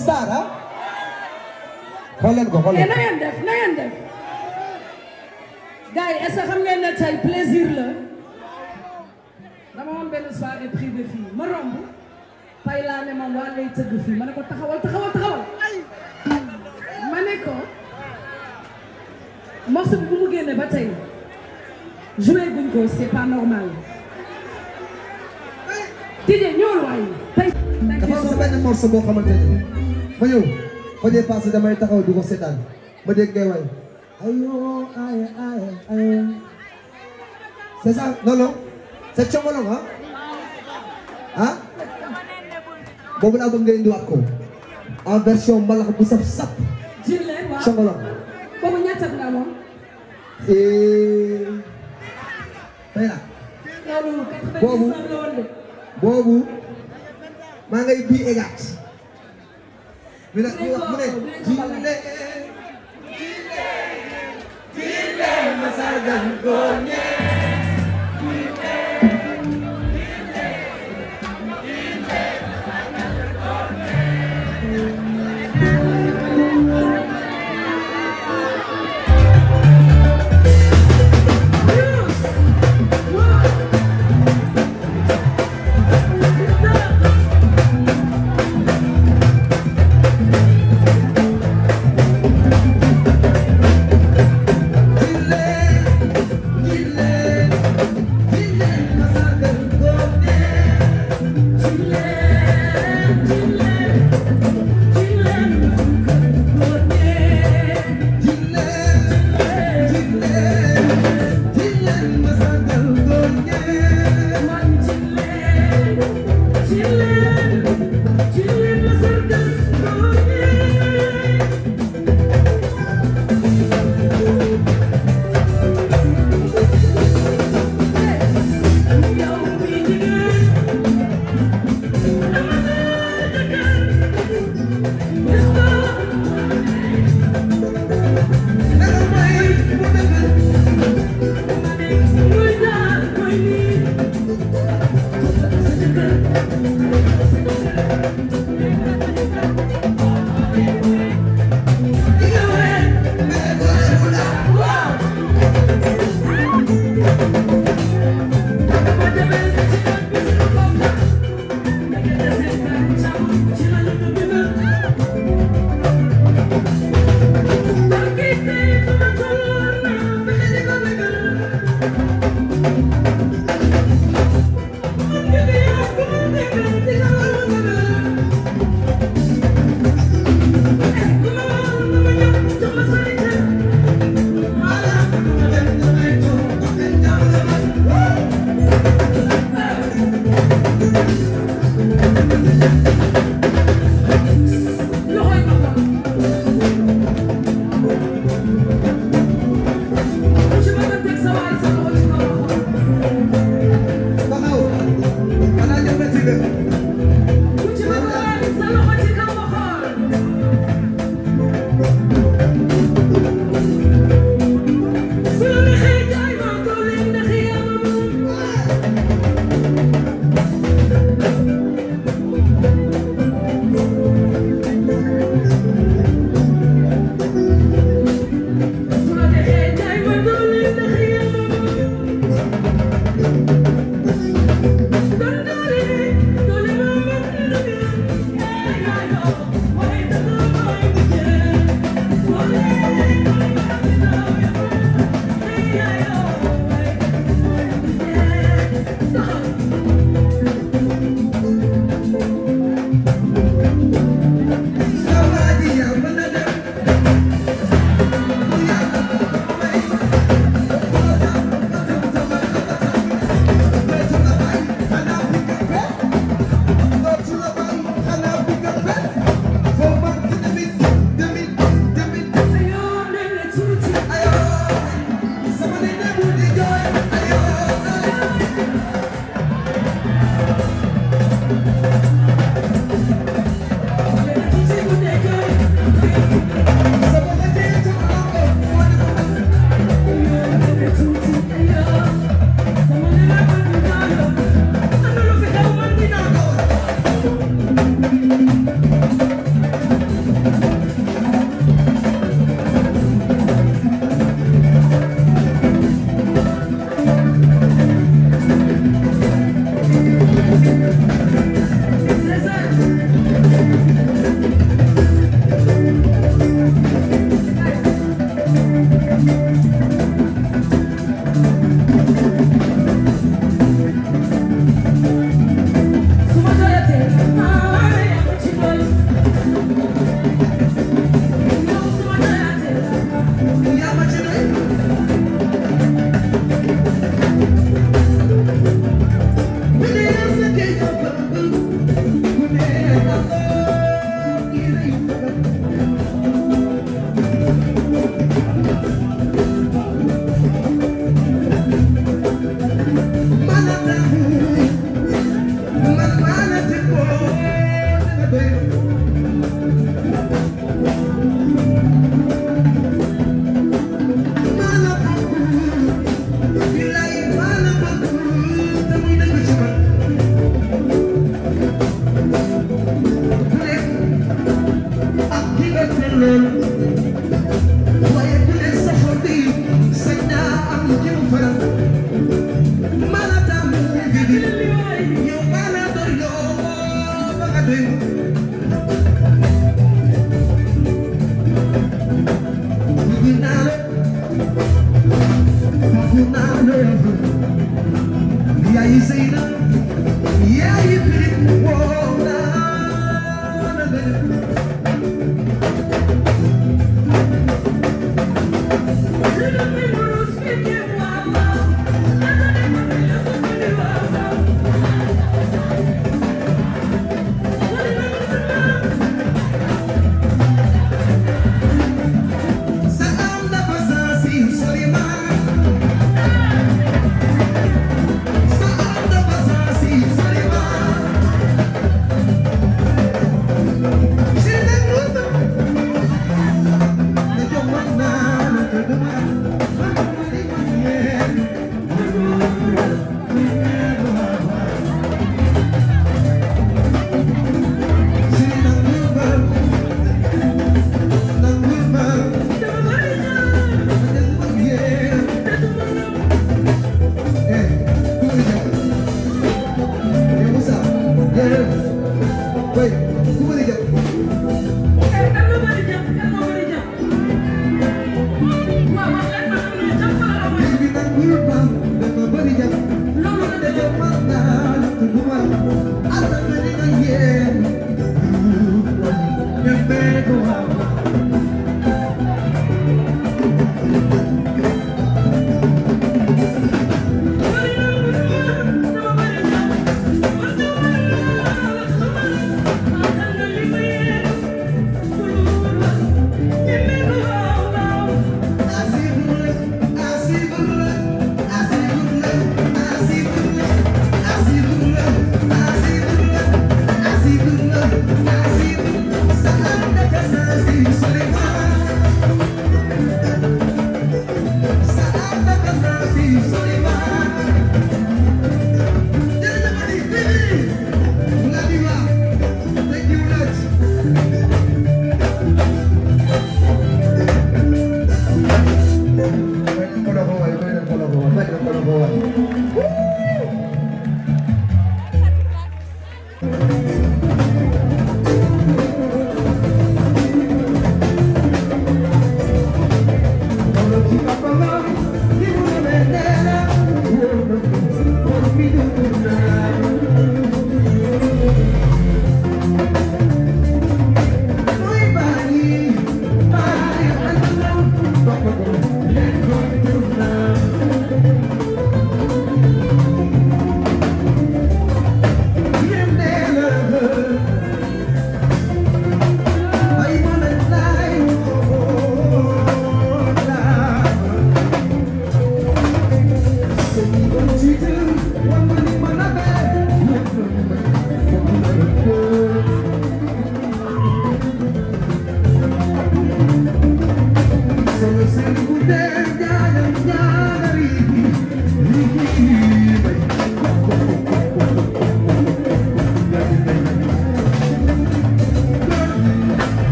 Sarr ah. xool leen ko xool leen ko. Eh, na ngeen def na ngeen def. gars yi est-ce que xam ngeen ne tey plaisir la dama am benn soirée privée fii ma romb fay laa ne ma waa lay tëgg fii ma ne ko taxawal taxawal taxawal. ma ne ko morceau bu mu génne ba tey joué guñ ko c'est pas normal. Didi ñëwul waaye. tey dafa am benn morceau boo xamante ne. ma ñëw fa dee damay taxaw du ko seetaan ma dégg ngay way ayoo aye aye aye c'est ça non non c'est boobu laa bëgg nga indiwaat ko en version mbalax bu saf sap congolong boobu ñaata la moom bii egaat mu ne mu ne jinne jinne jinne ma sargal góor ñi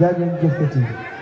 jaa ngeen jëfati